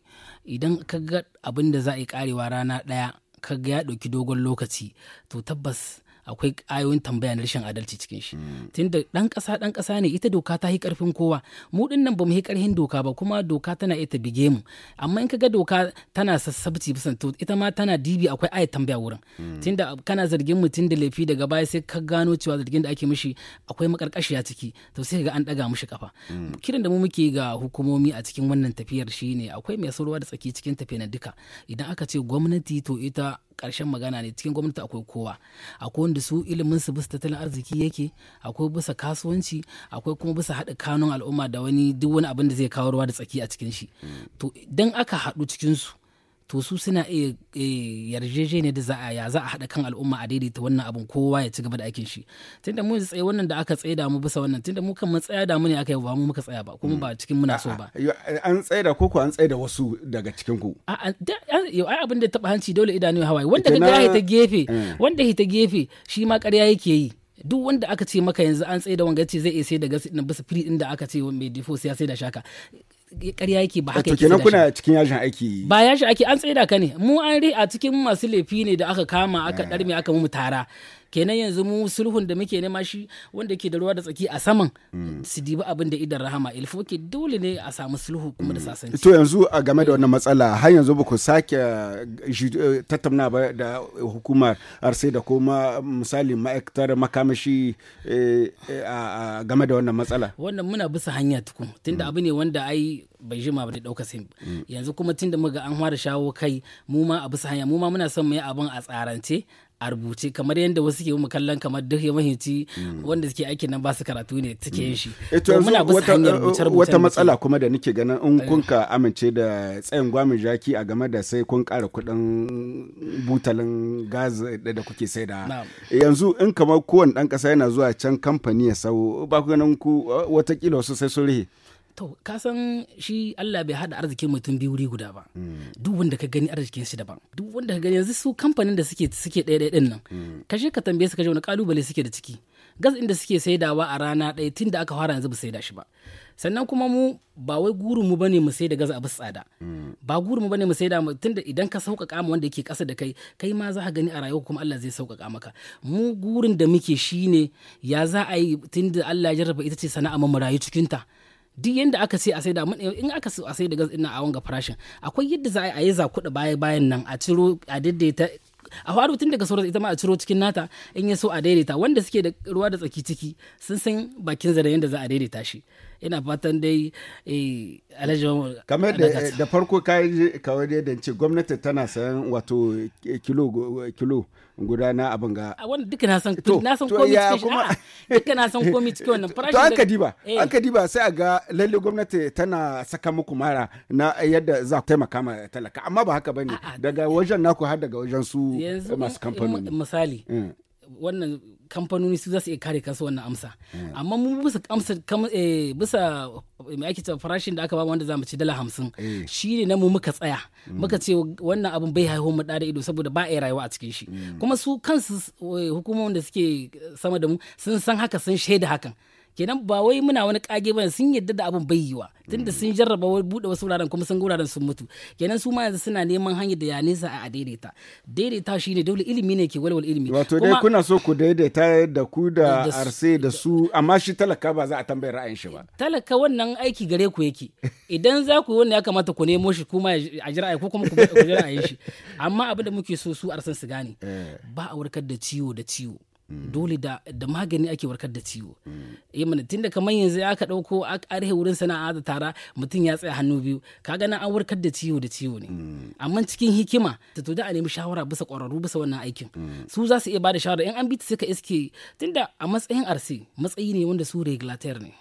idan ka ga abin da za a yi karewa rana ɗaya ka ga ya ɗauki dogon lokaci to tabbas akwai ayoyin tambaya na rashin adalci cikin shi mm. tunda dan kasa dan kasa ne ita doka ta yi karfin kowa mu din nan bamu yi karfin doka ba kuma doka tana ita bige mu amma in kaga doka tana sassabci bisan to ita ma tana dibi akwai ayi tambaya wurin mm. tunda kana zargin mutum da laifi daga baya sai ka gano cewa zargin da ake mishi akwai makarkashiya ciki to sai ga an daga mishi kafa mm. kiran da mu muke ga hukumomi a cikin wannan tafiyar shine akwai mai sauruwa da tsaki cikin tafiyar duka idan aka ce gwamnati to ita karshen magana ne cikin gwamnati akwai kowa akwai wanda su ilimin su bisa tattalin arziki yake akwai bisa kasuwanci akwai kuma bisa haɗa kanun al'umma da wani duk wani abin da zai kawo ruwa da tsaki a cikin shi to idan aka haɗu cikin su to su suna iya yarjejeniya da za a ya za a haɗa kan al'umma a daidaita wannan abin kowa ya ci gaba da aikin shi tunda mu tsaye wannan da aka tsaye da mu bisa wannan tunda mu kan mun tsaya da mu ne aka yi ba mu muka tsaya ba kuma ba cikin muna so ba an tsaye da koko an tsaye da wasu daga cikin ku yau ai abin da taba hanci dole idanu hawaye wanda ga ta gefe eh. wanda ta gefe shi ma ƙarya yake yi duk wanda aka ce maka yanzu an tsaye da wanga ce zai iya sai da gasi na bisa fili din da aka ce mai difo sai ya sai da shaka karya yake ba haka yake kuna cikin yashin aiki ba yashin aiki an tsaida ka ne mu an ri a cikin masu laifi ne da aka kama aka eh. ɗarme aka mu tara kenan yanzu mu sulhun da muke nema shi wanda ke da ruwa da tsaki a saman mm. su dibi abin da idan rahama ilfo ke dole ne a samu sulhu kuma da mm. sasanci to yanzu a game da wannan matsala har yanzu ba ku sake eh, eh, tattauna ba da hukumar arsai da kuma misali ma'aikatar makamashi eh, a game da wannan matsala wannan muna bisa hanya tukun tunda mm. abu ne wanda ai bai jima ba da ɗauka sin yanzu kuma tunda muga an fara shawo kai mu ma a bisa hanya mu ma muna son mu yi abin a tsarance a rubuce kamar yadda wasu ke mu kallon kamar duk mahinci hmm. wanda suke aikin nan ba su karatu ne suke yin shi hmm. eh, to muna hanyar eh, eh, wata matsala kuma da nake ganin in kun ka amince da tsayin gwamin jaki a game da sai kun ƙara kuɗin butalin gas da kuke saida yanzu in kamar kowane dan ƙasa yana zuwa can kamfani ya sau ba ku ganin ku watakila wasu sai sun rihe to ka san shi Allah bai hada arzikin mutum biyu wuri guda ba duk wanda ka gani arzikin shi daban duk wanda ka gani yanzu su kamfanin da suke suke daya ɗaya ɗin nan ka ka tambaye su ka wani kalubale suke da ciki gas inda suke saidawa a rana ɗaya tun da aka fara yanzu ba saida shi ba sannan kuma mu ba wai gurin mu bane mu saida gas a bisa tsada ba gurin mu bane mu saida tun da idan ka sauƙaƙa mu wanda yake ƙasa da kai kai ma za ka gani a rayuwa kuma Allah zai sauƙaƙa maka mu gurin da muke shine ya za a yi tun da Allah ya jarraba ita ce sana'a mu rayu cikin ta duk yadda aka ce a sai da in aka so a sai da gas ina a wanga farashin akwai yadda za a yi za kuɗa baya bayan nan a ciro a daidaita a faru tun daga sauransu ita ma a ciro cikin nata in ya so a daidaita wanda suke da ruwa da tsaki ciki sun san bakin zaren yadda za a daidaita shi ina fatan dai eh, alhaji kamar da farko yi kawai dai da ce gwamnati tana sayan wato eh, kilo kilo guda na abin ga a duka na san na san komai cikin shi duka na san komai cikin wannan farashin to an ka diba eh. an ka diba sai a ga lalle gwamnati tana saka muku mara na yadda za ku taimaka ma talaka amma ba haka bane daga wajen naku har daga wajen su masu kamfanoni misali mm. wannan kamfanoni su zasu su iya kare kansu wannan amsa amma mu bisa amsa eh, bisa eh, mai ake cewa farashin da aka ba wanda zamu ci dala hamsin eh. shi ne na mu muka tsaya mm. muka ce wannan abin bai haihu mu da ido saboda ba a rayuwa a cikin shi mm. kuma su kansu hukumomin da suke sama da mu sun san haka sun shaida hakan kenan ba wai muna wani kage ba sun yadda da abin bayyiwa tunda mm. sun jarraba buɗe bude wasu wuraren kuma sun wuraren sun mutu kenan su ma yanzu suna neman hanyar da ya nesa a daidaita daidaita shine dole ilimi ne ke walwal ilimi wato dai kuna so ku daidaita da ku da arse da su amma shi talaka ba za a tambaye ra'ayin shi ba talaka wannan aiki gare ku yake idan za ku yi wannan ya kamata ku nemo shi kuma a ji ra'ayi ko kuma ku ji ra'ayin shi amma abin da muke so su arsan su gane eh. ba a warkar da ciwo da ciwo dole da magani ake warkar da ciwo eh mana tunda kamar yanzu aka dauko arhe wurin sana'a da tara mutum ya tsaya hannu biyu kaga na an warkar da ciwo da ciwo ne amma cikin hikima ta to da a nemi shawara bisa kwararru bisa wannan aikin su za su iya bada shawara in an bi ta suka iske tunda a matsayin RC matsayi ne wanda su regulator ne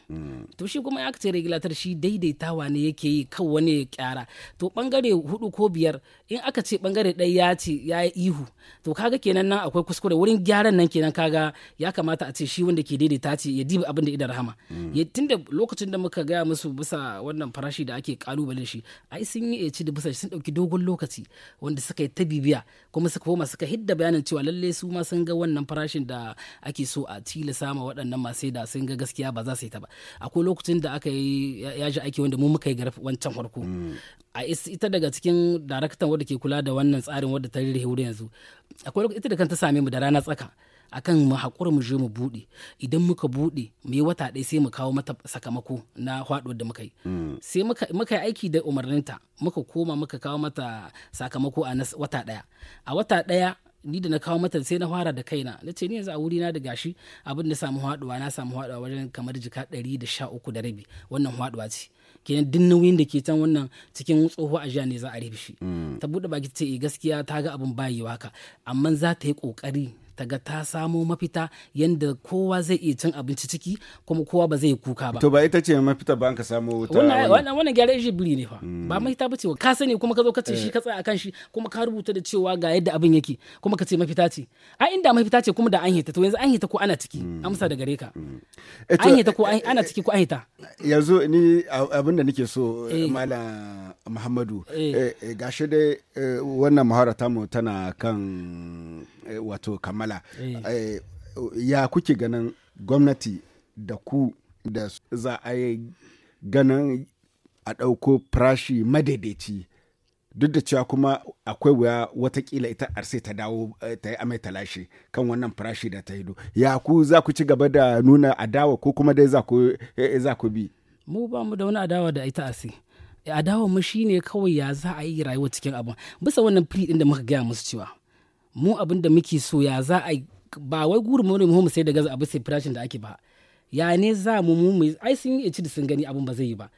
to shi kuma aka ce regulator shi daidaitawa ne yake yi kan wani kyara to bangare hudu ko biyar in aka ce bangare ɗaya ya ce ya yi ihu to kaga kenan nan akwai kuskure wurin gyaran nan kenan kaga ya kamata a ce shi wanda ke daidaita ce ya diba abin da da rahama mm. ya tunda lokacin da muka gaya musu bisa wannan farashi da ake kalubalen shi ai sun yi ci da bisa sun dauki dogon lokaci wanda suka yi ta bibiya kuma suka koma suka hidda bayanin cewa lalle su ma sun ga wannan farashin da ake so a tilasa sama waɗannan masu da sun ga gaskiya ba za su yi ta ba akwai lokacin da aka yi yaji aiki wanda mu muka yi garfi wancan farko mm. a ita daga cikin daraktan wadda ke kula da wannan tsarin wadda ta rere yanzu akwai ita da kanta same mu da rana tsaka akan mu haƙura mu je mu buɗe idan muka buɗe mu yi wata ɗaya sai mu kawo mata sakamako na haɗuwar da muka yi hmm. sai muka yi aiki da umarninta muka koma muka kawo mata sakamako a wata ɗaya a wata ɗaya ni da na kawo mata sai na fara da kaina na ce ni yanzu a wuri na da gashi abin da samu haɗuwa na samu haɗuwa wajen kamar jika ɗari da sha uku da rabi wannan haɗuwa ce kenan duk nauyin da ke can wannan cikin tsoho jiya ne za a rufe shi hmm. ta buɗe baki ce eh, gaskiya ta ga abin bayewa haka amma za ta yi ƙoƙari ta ga ta samo mafita yadda kowa zai iya cin abinci ciki kuma kowa ba zai kuka ba to ba ita ce mafita ba ka samo wuta wannan wannan gyara biri ne fa mm. ba mafita ba ce ka sani kuma ka zo ka ce shi eh. ka tsaya akan shi kuma ka rubuta da cewa ga yadda abin yake kuma ka ce mafita ce a inda mafita ce kuma da an hita to yanzu an hita ko ana ciki mm. amsa da gare ka mm. eh, an hita ko eh, ana ciki ko an hita yanzu ni abin da nake so malam muhammadu gashi dai wannan muhawara tamu tana kan Eh, wato kammala eh. Eh, ya kuke ganin gwamnati da ku da za a yi ganin a ɗauko farashi madaidaici duk da cewa kuma akwai wuya watakila ita arse ta dawo ta yi amai talashi kan wannan farashi da ta yi ya ku za ku ci gaba da nuna adawa ko kuma dai za ku bi mu ba mu da wani adawa da ita arse adawa mu shine kawai ya za a yi rayuwa cikin abin bisa wannan fili din da muka gaya musu cewa mu abin da muke so ya za a ba wai gurin mu ne mu sai da gaza abu sai farashin da ake ba ya ne za mu mu ai sun yi ci da sun gani abin ba zai yi ba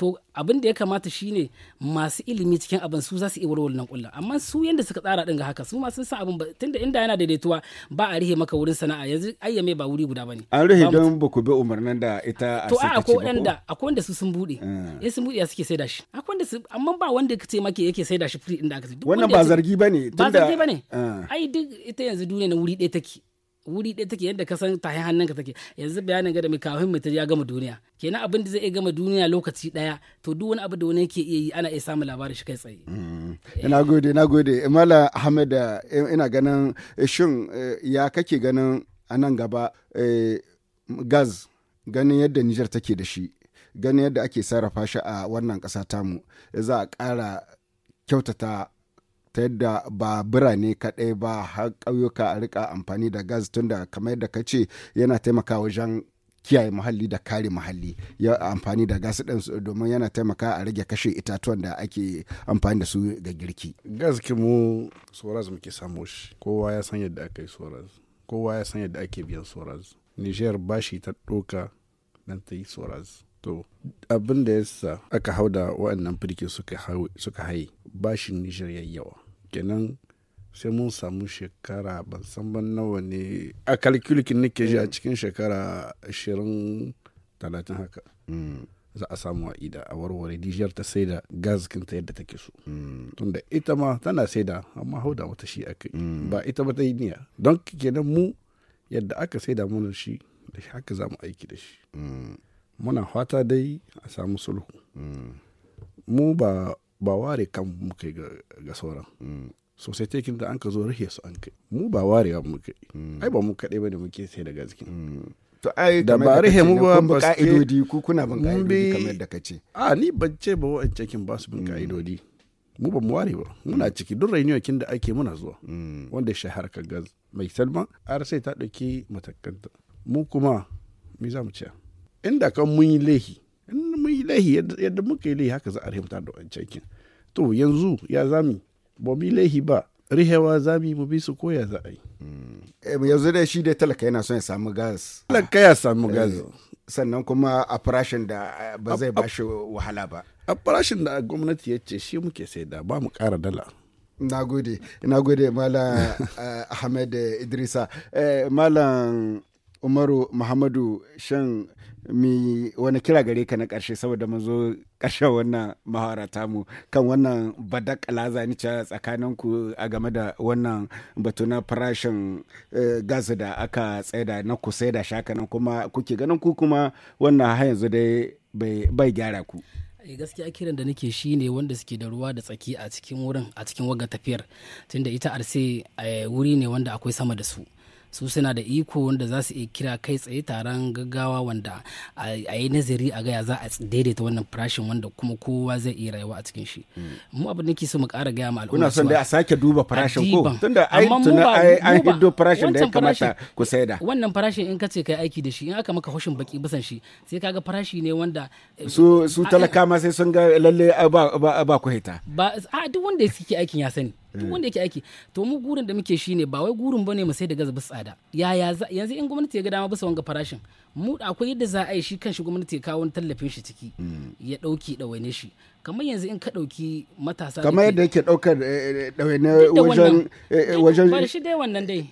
to abin da ya kamata shine masu ilimi cikin abin su za su iya warware nan kullum amma su yanda suka tsara din ga haka su ma sun san abin tunda inda yana daidaituwa ba a rihe maka wurin sana'a yanzu ayyame ba wuri guda bane an rihe don ba ku bi umarnin da ita a to a akwai wanda akwai wanda su sun bude eh. in sun bude ya suke saida shi akwai wanda su amma ba wanda kace maka yake saida shi free din da aka wannan ba zargi bane ba zargi bane eh. ai duk ita yanzu duniya na wuri ɗaya take wuri ɗaya take yadda ka san tahin hannunka take yanzu bayanin ga da mai ta mutum ya gama duniya kenan abin da zai iya gama duniya lokaci ɗaya to duk wani abu da wani yake iya yi ana iya samun labarin shi kai tsaye. ina mm. gode ina gode imala ahmed eh, ina ganin eh, shin eh, ya kake ganin a nan gaba gaz ganin yadda nijar take da shi ganin yadda ake sarrafa shi a wannan ƙasa tamu za a ƙara kyautata ta yadda ba birane kaɗai ba har ƙauyuka a rika amfani da gas tunda kamar yadda ka ce yana taimaka wajen kiyaye muhalli da kare muhalli ya amfani da gas ɗin domin yana taimaka a rage kashe itatuwan da ake amfani da su ga girki. gas mu soraz muke samu shi kowa ya san yadda aka yi soraz kowa ya san yadda ake biyan soraz nijiyar bashi ta ɗoka dan ta yi soraz to abin da yasa aka hau da wa'annan firki suka haye bashin nijar yawa kenan sai mun samu shekara ban san ban nawa ne a kalkulikin nake ji a mm. cikin shekara 20 talatin haka mm. za a samu a ida a warware nijar ta sai da. saida ta yadda take so mm. tunda ita ma tana sai da amma hau da wata shi aka ba ita ba ta yi niyya don kenan mu yadda aka saida mana shi da haka za mu aiki da shi muna fata dai a samu sulhu mu ba ba ware kan mu kai ga sauran sosai taikin da an ka zo rahe su an kai mu ba ware mu kai ai ba mu kaɗai da muke sai da gaske to ai da ba rahe mu ba ba ka'idodi ku kuna bin ka'idodi kamar da kace a ni ban ce ba wa'an cikin ba su bin ka'idodi mu ba mu ware ba muna ciki duk rainiyokin da ake muna zuwa wanda shi harkar gas mai salma har sai ta ɗauki matakanta mu kuma me za mu ce inda kan mun yi laihi mun yi laihi yadda muka yi laihi haka za a rahimta da wancan kin to yanzu ya zami ba mu yi laihi ba rihewa zami mu bi su koya za a yi eh, yanzu dai shi dai talaka yana son ya samu gas talaka ya samu eh, gas sannan kuma a farashin da eh, ba zai ba shi wahala ba a farashin da gwamnati ya ce shi muke sai da ba mu kara dala na gode na gode malam ahmed idrisa malam umaru muhammadu shan mi wani kira gare ka na karshe saboda mun zo ƙarshen wannan mahara mu kan wannan ni zanica tsakanin ku a game da wannan batu na farashin eh, gas da aka tsaida na ku sai da shakanan kuma kuke ganin ku kuma wannan har yanzu dai bai gyara ku eh, gaskiya kiran da nake shi ne wanda suke da ruwa da tsaki a cikin wurin a cikin waga tafiyar tunda ita arse eh, wuri ne wanda akwai sama da su su suna da iko wanda za su iya kira kai tsaye taron gaggawa wanda a yi nazari a gaya za a daidaita wannan farashin wanda kuma kowa zai iya rayuwa a cikin shi mu abin da ke so mu ƙara gaya ma al'umma kuna son dai a sake duba farashin ko tunda ai ai an hiddo farashin da ya kamata ku saida wannan farashin in ka ce kai aiki da shi in aka maka hushin baki bisan shi sai kaga farashi ne wanda eh, su su talaka ma sai sun ga lalle ba ba ku hita ba a duk wanda yake aikin ya sani duk eh. wanda yake aiki to mu gurin da muke shine ba wai gurin bane mu sai da gas tsada tsada ya yanzu in gwamnati ya ga dama bisa wanga farashin mu akwai yadda za a yi shi kanshi gwamnati ya kawo tallafin shi ciki hmm. ya dauki dawaine shi kamar yanzu in ka dauki matasa kamar yadda yake daukar dawaine eh, eh, wajen wajen ba shi dai wannan dai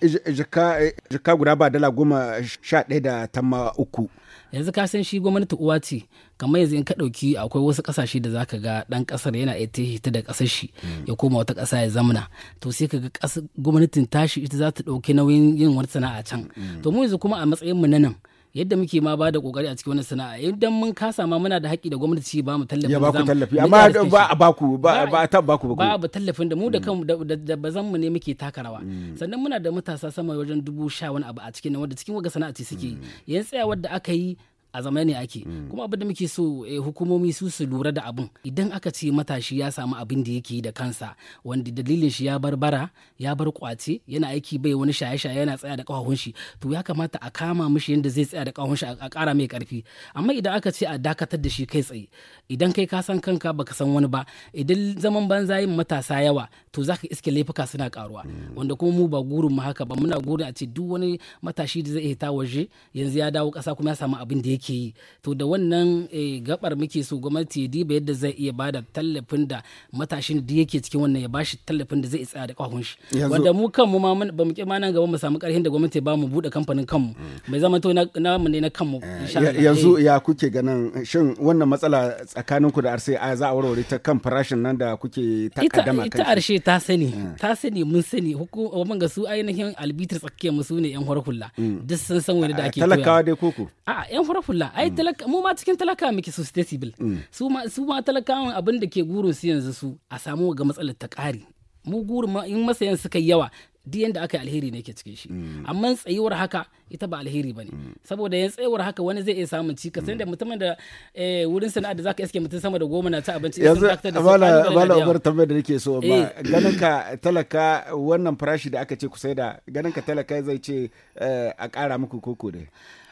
jika guda ba dala goma sha ɗaya da tamma uku yanzu ka san shi gwamnati uwa ce kamar yanzu in ka ɗauki akwai wasu ƙasashe da zaka ga ɗan ƙasar yana iya ta hita da ƙasar shi ya koma wata ƙasa ya zamana to sai ka ga gwamnatin tashi ita za ta ɗauki nauyin yin wani sana'a can to mu yanzu kuma a matsayin mu na nan yadda muke ma ba da kokari a cikin wani sana'a idan mun kasa ma muna da haƙƙi da gwamnati ba mu tallafi ba ku tallafi amma ba a baku ba ba ta baku ba ba tallafin da mu da mm. kan da bazan mu ne muke taka rawa mm. sannan muna da matasa sama wajen dubu sha wani abu a cikin wanda cikin waga sana'a ce suke mm. yan tsaya wadda aka yi a zama ne ake mm. kuma abin da muke so eh, hukumomi su su lura da abin idan aka ce matashi ya samu abin da yake da kansa wanda dalilin shi ya bar bara ya bar kwace yana aiki bai wani shaye-shaye yana tsaya da kawahun shi to ya kamata a kama mishi yadda zai tsaya da kawahun shi a ƙara mai karfi amma idan aka ce a dakatar da shi kai tsaye idan kai ka san kanka baka san wani ba idan zaman banza yin matasa yawa to zaka iske laifuka suna karuwa mm. wanda kuma mu ba gurin mu haka ba muna gurin a ce duk wani matashi da zai ta waje yanzu ya dawo kasa kuma ya samu abin da yake yi to da wannan eh, gabar muke so gwamnati ya diba yadda zai iya bada tallafin da matashin da yake cikin wannan ya bashi tallafin da zai tsaya da kahun shi wanda mu kanmu ma ba mu ma nan gaba mu samu karhin da gwamnati ba mu bude kamfanin kanmu mai mm. zama to na mu ne na kanmu eh, yanzu eh. ya kuke ganin shin wannan matsala tsakanin ku da arsai a za a warware ta kan farashin nan da kuke takaddama kai ita arshe ta sani ta sani mun sani hukumar ga su ainihin albitir tsakiyar mu su ne yan harkulla mm. duk sun san wani da ake talakawa dai koko a yan harkulla alhamdulillah ai mm. talaka mu ma cikin talaka muke su stable mm. su ma su ma talakawan abin da ke gurin su yanzu su a samu ga matsalar ta ƙari mu gurin ma in masayan suka yawa duk yanda aka alheri ne ke cikin shi mm. amma tsayuwar haka ita ba alheri bane saboda yan tsayuwar haka wani zai iya samun cikas da mutumin da eh, wurin sana'a da zaka iske mutum sama da goma na ci abinci yanzu bala amala umar tambayar da nake so amma eh. ganin ka talaka wannan farashi da aka ce ku saida ganin ka talaka zai ce eh, a ƙara muku koko dai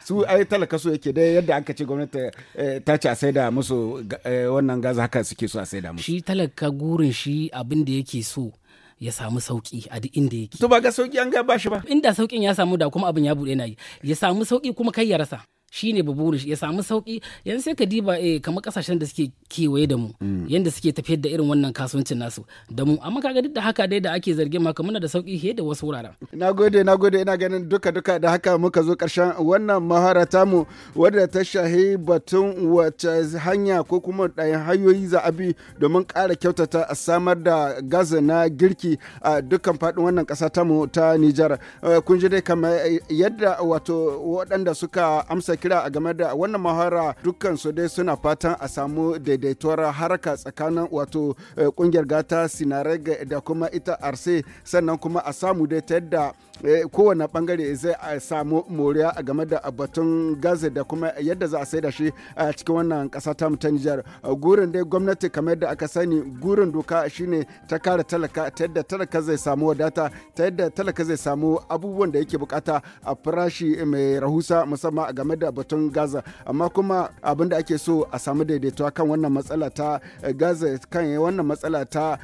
su ai talaka su yake dai yadda aka ce gwamnati eh, ta ce a saida musu eh, wannan gaza haka suke so a saida musu shi talaka gurin shi abin da yake so ya samu sauki a duk inda yake to ba ga sauki an ga ba ba inda saukin ya samu da kuma abin ya bude na yi ya samu sauki kuma kai ya rasa shine baburish ya samu sauki yanzu sai ka diba eh kamar kasashen da suke kewaye da mu mm. yanda suke tafiyar da irin wannan kasuwancin nasu da mu amma kaga duk da haka dai da ake zargin maka muna da sauki he da wasu wuraren nagode nagode ina ganin duka duka da haka muka zo karshen wannan mahara mu wadda ta shahi batun wace hanya ko kuma dai hanyoyi za abi domin kara kyautata samar da gas na girki a dukkan fadin wannan kasa ta mu ta Nijar eh, kun ji dai kamar yadda wato waɗanda suka amsa kira a game da wannan mahara dukkan su dai suna fatan a samu daidaituwar haraka tsakanin wato eh, kungiyar gata sinareg da kuma ita arse sannan kuma a samu dai ta yadda Eh, kowane bangare zai eh, samu moriya a game da batun gaza da kuma yadda za a sai da shi a eh, cikin wannan kasa ta ta Nijar. Gurin dai gwamnati kamar da aka sani gurin doka shine ta kare talaka ta yadda talaka zai samu wadata ta yadda talaka zai samu abubuwan da yake bukata a farashi mai rahusa musamman a game da batun Gaza amma kuma abin da ake so a samu daidaito kan wannan matsala ta Gaza kan wannan matsala ta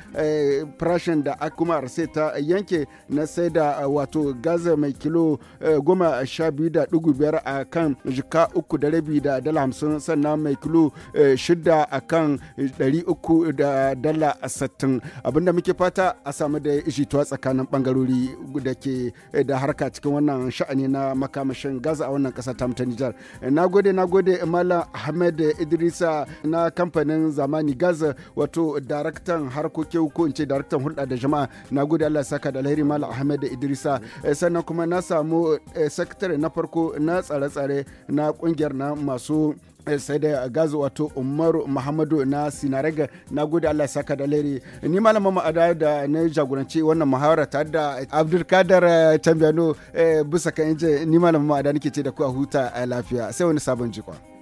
farashin da kuma ta yanke na sai da wato gaza mai kilo eh, goma sha biyu da ɗigo biyar a kan jika uku da rabi da dala hamsin sannan mai kilo eh, shida a kan ɗari eh, uku da dala sittin abinda muke fata a samu da jituwa tsakanin bangarori da ke da harka cikin wannan sha'ani na makamashin gaza a wannan ƙasa ta mutan nijar na gode na gode malam ahmed idrisa na kamfanin zamani gaza wato daraktan harkokin ko in ce daraktan hulɗa da jama'a na gode allah saka da alheri malam ahmed idrisa Eh, sannan kuma na samu eh, sakatare na farko na tsare-tsare na kungiyar na masu eh, sai da gazu wato umaru muhammadu na sinarega na gode allah saka da lere ni malama ma'ada da na jagoranci wannan muhawara tare da abdulkadar tambiyano bisa kan inje ni malama ma'ada nake ce da ku a huta lafiya sai wani sabon jikwa.